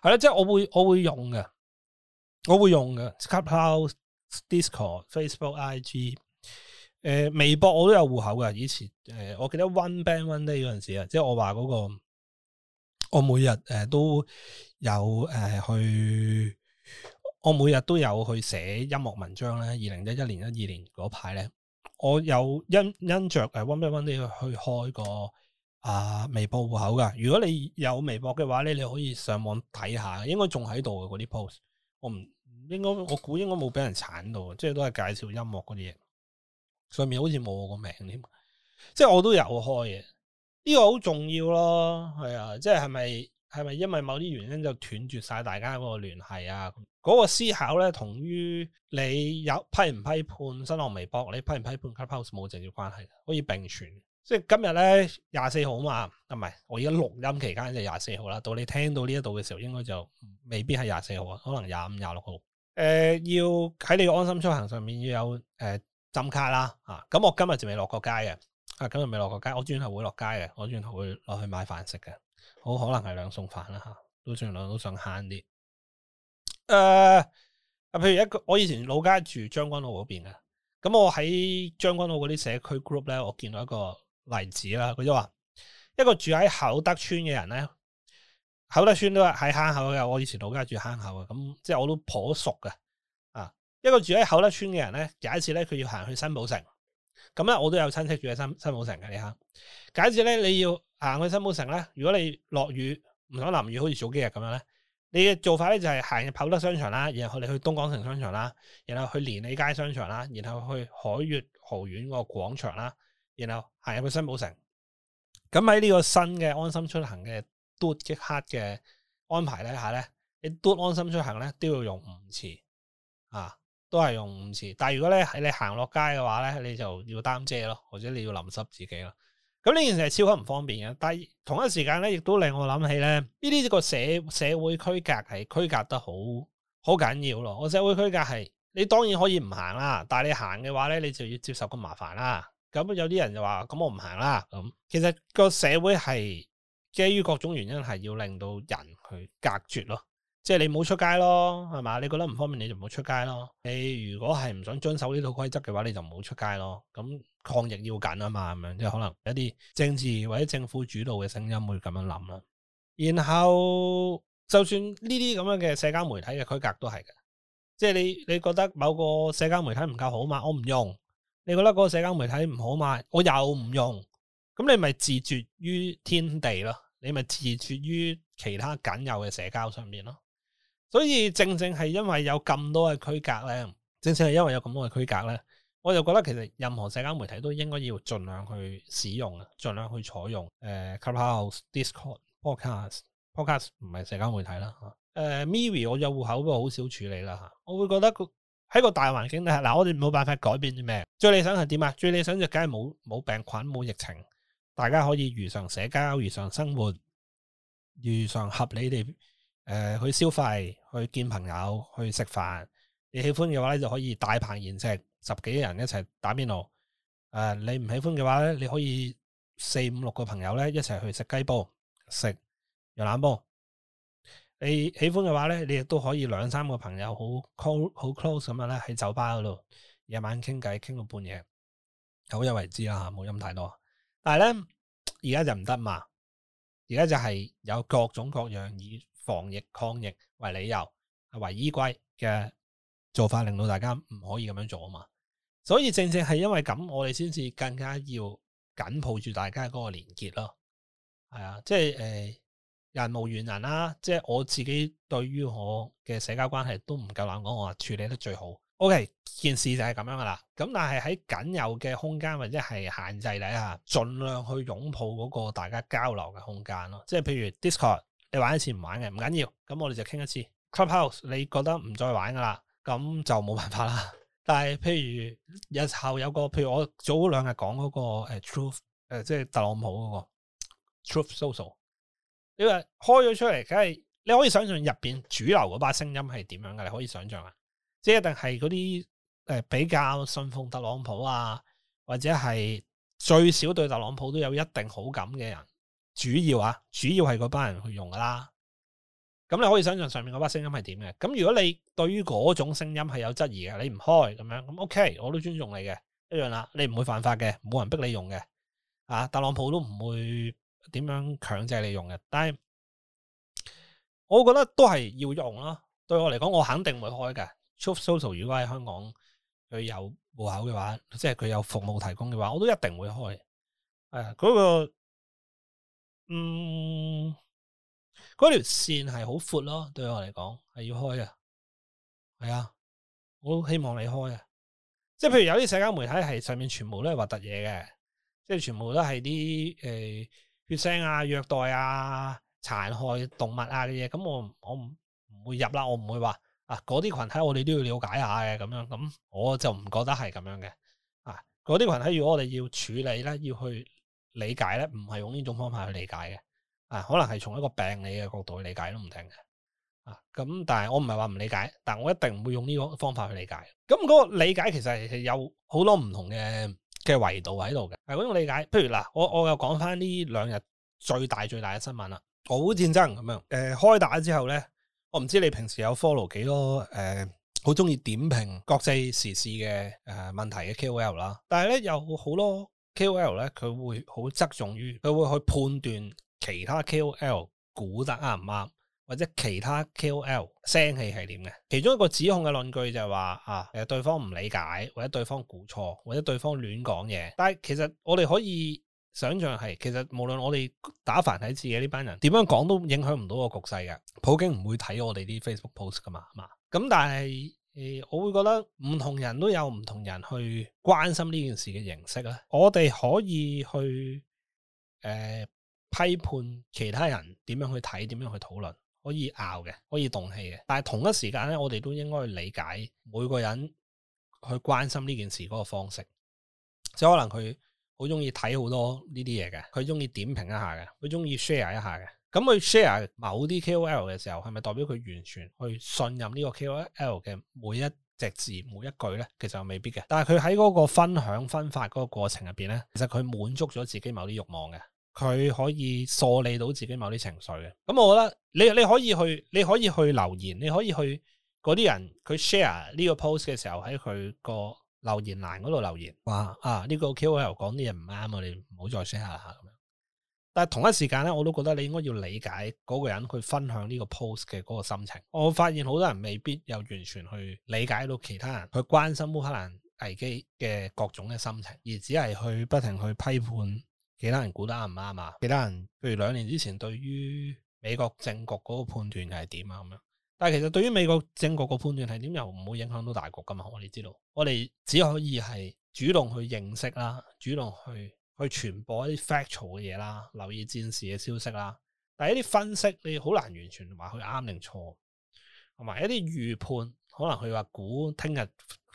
係啦，即係我會我會用嘅，我會用嘅。Clubhouse、Discord、Facebook、IG，誒、呃，微博我都有戶口嘅。以前誒、呃，我記得 One Band One Day 嗰陣時啊，即係我話嗰、那個，我每日誒、呃、都有誒、呃、去，我每日都有去寫音樂文章咧。二零一一年、一二年嗰排咧，我有因因着誒 One Band One Day 去、去開個。啊，微博戶口噶，如果你有微博嘅話咧，你可以上網睇下，應該仲喺度嘅嗰啲 post。我唔應該，我估應該冇俾人鏟到，即係都係介紹音樂嗰啲嘢。上面好似冇我個名添，即係我都有開嘅。呢個好重要咯，係啊，即係係咪係咪因為某啲原因就斷絕晒大家嗰個聯繫啊？嗰個思考咧，同於你有批唔批判新浪微博，你批唔批判其他 post 冇直接關係，可以並存。即係今日咧廿四號嘛，唔係，我而家錄音期間就廿四號啦。到你聽到呢一度嘅時候，應該就未必係廿四號啊，可能廿五、廿六號。誒、呃，要喺你嘅安心出行上面要有誒針、呃、卡啦。啊、咁、嗯、我今日就未落過街嘅，啊，今日未落過街，我轉頭會落街嘅，我轉頭會落去買飯食嘅。好可能係兩餸飯啦吓、啊，都算兩，都想慳啲。誒，啊，譬如一個我以前老家住將軍澳嗰邊嘅，咁我喺將軍澳嗰啲社區 group 咧，我見到一個。例子啦，佢就話一個住喺厚德村嘅人咧，厚德村都係喺坑口嘅，我以前老家住坑口嘅，咁即係我都頗熟嘅啊。一個住喺厚德村嘅人咧，有一次咧佢要行去新寶城，咁咧我都有親戚住喺新新寶城嘅，你睇。假設咧你要行去新寶城咧，如果你落雨唔想淋雨，好似早幾日咁樣咧，你嘅做法咧就係行入厚德商場啦，然後你去東港城商場啦，然後去連理街商場啦，然後去海悅豪苑個廣場啦。然後行入去新寶城，咁喺呢個新嘅安心出行嘅嘟即刻嘅安排底下，咧，你嘟安心出行咧都要用五次啊，都係用五次。但係如果咧喺你行落街嘅話咧，你就要擔遮咯，或者你要淋濕自己咯。咁呢件事係超級唔方便嘅，但係同一時間咧，亦都令我諗起咧，呢啲個社社會區隔係區隔得好好緊要咯。個社會區隔係你當然可以唔行啦，但係你行嘅話咧，你就要接受個麻煩啦。咁有啲人就話咁我唔行啦，咁其實個社會係基於各種原因係要令到人去隔絕咯，即係你唔好出街咯，係嘛？你覺得唔方便你就唔好出街咯。你如果係唔想遵守呢套規則嘅話，你就唔好出街咯。咁、嗯、抗疫要緊啊嘛，係嘛？咁樣即係可能一啲政治或者政府主導嘅聲音會咁樣諗啦。然後就算呢啲咁樣嘅社交媒體嘅規格都係嘅，即係你你覺得某個社交媒體唔夠好嘛，我唔用。你覺得嗰個社交媒體唔好嘛？我又唔用，咁你咪自絕於天地咯，你咪自絕於其他僅有嘅社交上面咯。所以正正係因為有咁多嘅區隔咧，正正係因為有咁多嘅區隔咧，我就覺得其實任何社交媒體都應該要盡量去使用啊，盡量去採用誒，Clubhouse，呃、Clubhouse、Discord、Podcast、Podcast 唔係社交媒體啦吓。誒、呃，Miri 我有戶口，不過好少處理啦吓。我會覺得喺個大環境底下，嗱，我哋冇辦法改變啲咩。最理想係點啊？最理想就梗係冇病菌、冇疫情，大家可以如常社交、如常生活、如常合理地、呃、去消費、去見朋友、去食飯。你喜歡嘅話咧，就可以大盆宴食，十幾人一齊打邊爐、呃。你唔喜歡嘅話咧，你可以四五六個朋友咧一齊去食雞煲、食牛腩煲。你喜歡嘅話呢，你亦都可以兩三個朋友好 close 好 close 咁樣咧，喺酒吧嗰度夜晚傾偈，傾到半夜，好有為之啦吓，冇飲太多。但係咧，而家就唔得嘛，而家就係有各種各樣以防疫抗疫為理由、為依歸嘅做法，令到大家唔可以咁樣做啊嘛。所以正正係因為咁，我哋先至更加要緊抱住大家嗰個連結咯。係啊，即係誒。呃人無完人啦，即係我自己對於我嘅社交關係都唔夠膽講，我話處理得最好。OK，件事就係咁樣噶啦。咁但係喺僅有嘅空間或者係限制底下，盡量去擁抱嗰個大家交流嘅空間咯。即係譬如 Discord，你玩一次唔玩嘅唔緊要，咁我哋就傾一次 Clubhouse。Club house，你覺得唔再玩噶啦，咁就冇辦法啦。但係譬如日後有個，譬如我早兩日講嗰個誒 Truth，誒即係特朗普嗰、那個 Truth Social。因為開咗出嚟，梗係你可以想象入邊主流嗰把聲音係點樣嘅？你可以想象啊，即係一定係嗰啲誒比較信奉特朗普啊，或者係最少對特朗普都有一定好感嘅人，主要啊，主要係嗰班人去用噶啦。咁你可以想象上面嗰把聲音係點嘅？咁如果你對於嗰種聲音係有質疑嘅，你唔開咁樣，咁 OK，我都尊重你嘅，一樣啦，你唔會犯法嘅，冇人逼你用嘅，啊，特朗普都唔會。點樣強制你用嘅？但係我覺得都係要用咯。對我嚟講，我肯定會開嘅。Truth Social 如果喺香港佢有戶口嘅話，即係佢有服務提供嘅話，我都一定會開。誒、哎，嗰、嗰個嗯，嗰條線係好闊咯。對我嚟講，係要開嘅。係啊，我希望你開啊。即係譬如有啲社交媒體係上面全部都係核突嘢嘅，即係全部都係啲誒。呃血腥啊、虐待啊、殘害動物啊嘅嘢，咁我我唔唔會入啦，我唔會話啊嗰啲群體我哋都要了解下嘅，咁樣咁我就唔覺得係咁樣嘅啊。嗰啲群體如果我哋要處理咧，要去理解咧，唔係用呢種方法去理解嘅啊，可能係從一個病理嘅角度去理解都唔聽嘅啊。咁但係我唔係話唔理解，但係我一定唔會用呢個方法去理解。咁嗰個理解其實係係有好多唔同嘅。嘅維度喺度嘅，係嗰種理解。譬如嗱，我我又講翻呢兩日最大最大嘅新聞啦，好戰爭咁樣。誒、嗯呃，開打之後咧，我唔知你平時有 follow 幾多誒，好中意點評國際時事嘅誒、呃、問題嘅 K O L 啦。但係咧有好多 K O L 咧，佢會好側重於佢會去判斷其他 K O L 估得啱唔啱。或者其他 KOL 聲氣係點嘅？其中一個指控嘅論據就係話啊，其實對方唔理解，或者對方估錯，或者對方亂講嘢。但係其實我哋可以想象係，其實無論我哋打繁體字嘅呢班人點樣講都影響唔到個局勢噶。普京唔會睇我哋啲 Facebook post 噶嘛？嘛咁，但係誒、呃，我會覺得唔同人都有唔同人去關心呢件事嘅形式咧。我哋可以去誒、呃、批判其他人點樣去睇，點樣去討論。可以拗嘅，可以動氣嘅，但係同一時間咧，我哋都應該去理解每個人去關心呢件事嗰個方式，即係可能佢好中意睇好多呢啲嘢嘅，佢中意點評一下嘅，佢中意 share 一下嘅。咁佢 share 某啲 KOL 嘅時候，係咪代表佢完全去信任呢個 KOL 嘅每一隻字每一句咧？其實未必嘅。但係佢喺嗰個分享分發嗰個過程入邊咧，其實佢滿足咗自己某啲慾望嘅。佢可以梳理到自己某啲情緒嘅，咁我覺得你你可以去，你可以去留言，你可以去嗰啲人佢 share 呢個 post 嘅時候喺佢個留言欄嗰度留言話哇啊呢、呢個 KOL 講啲嘢唔啱，我哋唔好再 share 下。但係同一時間呢，我都覺得你應該要理解嗰個人去分享呢個 post 嘅嗰個心情。我發現好多人未必有完全去理解到其他人去關心烏克蘭危機嘅各種嘅心情，而只係去不停去批判、嗯。其他人估得啱唔啱啊？其他人譬如兩年之前對於美國政局嗰個判斷係點啊？咁樣，但係其實對於美國政局個判斷係點，又唔會影響到大局噶嘛？我哋知道，我哋只可以係主動去認識啦，主動去去傳播一啲 factual 嘅嘢啦，留意戰事嘅消息啦。但係一啲分析，你好難完全話佢啱定錯，同埋一啲預判，可能佢話估聽日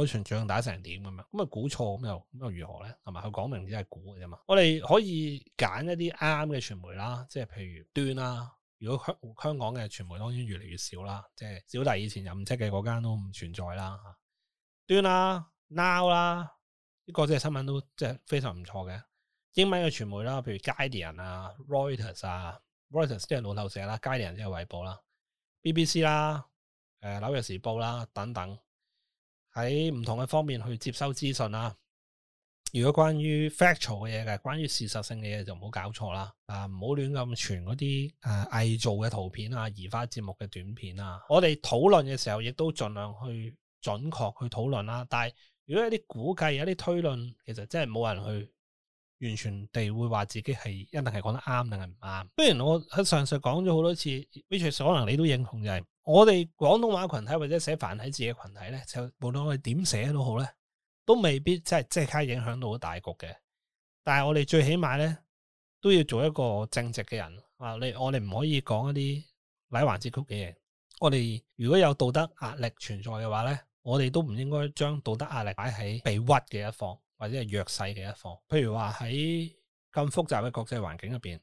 個場仗打成點咁啊？咁啊，估錯咁又咁又如何咧？係咪佢講明只係估嘅啫嘛？我哋可以揀一啲啱嘅傳媒啦，即係譬如端啦。如果香香港嘅傳媒當然越嚟越少啦，即係小弟以前任職嘅嗰間都唔存在啦。端啦、啊、now 啦、啊，呢、這個即係新聞都即係非常唔錯嘅。英文嘅傳媒啦，譬如《Guardian》啊、Reuters 啊、Reuters 都係路透社啦，《Guardian》即係《衛報，啊》啦、BBC 啦、啊、誒、呃《紐約時報，啊》啦等等。喺唔同嘅方面去接收資訊啦。如果關於 factual 嘅嘢嘅，關於事實性嘅嘢就唔好搞錯啦。啊，唔好亂咁傳嗰啲誒偽造嘅圖片啊、移花接木嘅短片啊。我哋討論嘅時候，亦都盡量去準確去討論啦。但係如果一啲估計、一啲推論，其實真係冇人去。完全地會話自己係一定係講得啱，定係唔啱。雖然我喺上述講咗好多次，Vicary 可能你都認同就係，我哋廣東話群體或者寫繁體字嘅群體咧，就無論我哋點寫都好咧，都未必即係即刻影響到大局嘅。但係我哋最起碼咧，都要做一個正直嘅人。啊，你我哋唔可以講一啲歪環之曲嘅嘢。我哋如果有道德壓力存在嘅話咧，我哋都唔應該將道德壓力擺喺被屈嘅一方。或者係弱勢嘅一方，譬如話喺咁複雜嘅國際環境入邊，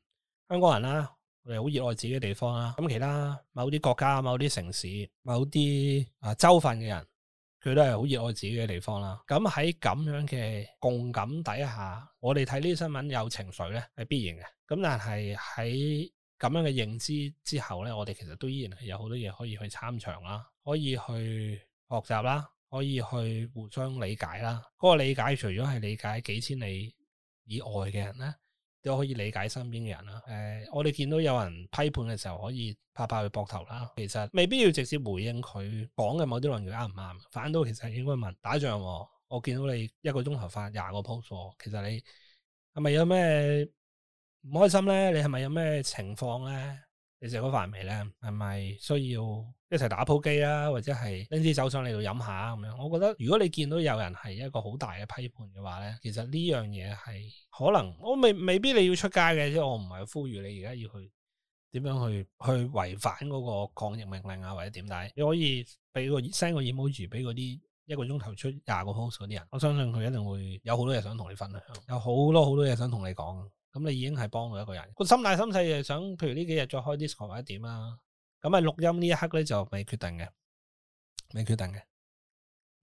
香港人啦，我哋好熱愛自己嘅地方啦。咁其他某啲國家、某啲城市、某啲啊州份嘅人，佢都係好熱愛自己嘅地方啦。咁喺咁樣嘅共感底下，我哋睇呢啲新聞有情緒咧，係必然嘅。咁但係喺咁樣嘅認知之後咧，我哋其實都依然係有好多嘢可以去參詳啦，可以去學習啦。可以去互相理解啦，嗰、那個理解除咗係理解幾千里以外嘅人咧，都可以理解身邊嘅人啦。誒、呃，我哋見到有人批判嘅時候，可以拍拍佢膊頭啦。其實未必要直接回應佢講嘅某啲論語啱唔啱，反到其實係應該問。打仗、哦，我見到你一個鐘頭發廿個 post，哦、其實你係咪有咩唔開心咧？你係咪有咩情況咧？你食咗飯未咧？係咪需要？一齊打鋪機啦，或者係拎支酒上嚟度飲下啊，咁樣。我覺得如果你見到有人係一個好大嘅批判嘅話咧，其實呢樣嘢係可能我未未必你要出街嘅，即係我唔係呼籲你而家要去點樣去去違反嗰個抗疫命令啊，或者點解。你可以俾個 send 個 emoji 俾嗰啲一個鐘頭出廿個 post 嗰啲人，我相信佢一定會有好多嘢想同你分享，有好多好多嘢想同你講。咁你已經係幫到一個人。個心大心細就想，譬如呢幾日再開 Discord 或者點啊～咁啊，嗯、錄音呢一刻咧就未決定嘅，未決定嘅。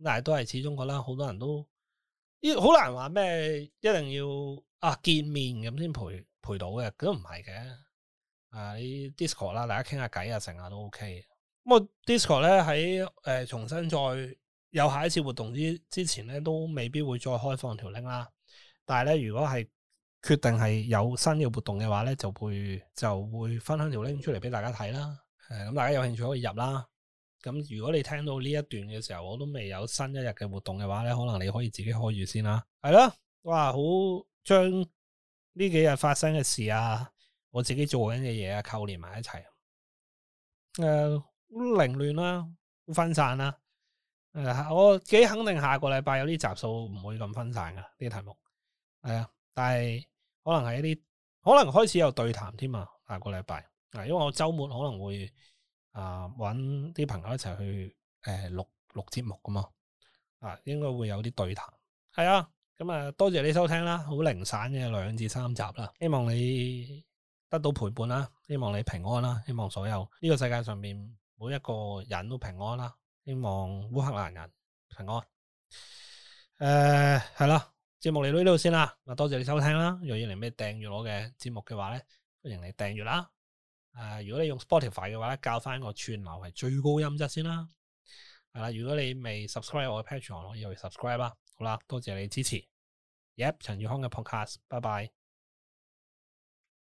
但係都係始終覺得好多人都，依好難話咩一定要啊見面咁先陪陪到嘅，都唔係嘅。啊，啲 discord 啦，啊、大家傾下偈啊，成日都 OK 嘅。咁啊，discord 咧喺誒、呃、重新再有下一次活動之之前咧，都未必會再開放條 link 啦。但係咧，如果係決定係有新嘅活動嘅話咧，就會就會分享條 link 出嚟俾大家睇啦。誒，咁大家有興趣可以入啦。咁如果你聽到呢一段嘅時候，我都未有新一日嘅活動嘅話咧，可能你可以自己開住先啦。係咯， 哇，好將呢幾日發生嘅事啊，我自己做緊嘅嘢啊，扣連埋一齊。誒、呃，凌亂啦、啊，分散啦、啊。誒、呃，我幾肯定下個禮拜有啲集數唔會咁分散噶，呢啲題目係啊、呃，但係可能係一啲，可能開始有對談添啊。下個禮拜。啊，因為我周末可能會啊揾啲朋友一齊去誒、呃、錄錄節目㗎嘛，啊，應該會有啲對談。係啊，咁、嗯、啊多謝你收聽啦，好零散嘅兩至三集啦，希望你得到陪伴啦，希望你平安啦，希望所有呢、這個世界上面每一個人都平安啦，希望烏克蘭人平安。誒、嗯，係、嗯、咯、啊，節目嚟到呢度先啦，咁多謝你收聽啦。若要嚟咩訂閱我嘅節目嘅話咧，歡迎你訂閱啦。誒、呃，如果你用 Spotify 嘅話咧，較返個串流係最高音質先啦。係啦，如果你未 subscribe 我嘅 Patreon，可以去 subscribe 啦。好啦，多謝你支持。Yep，陳宇康嘅 podcast，拜拜。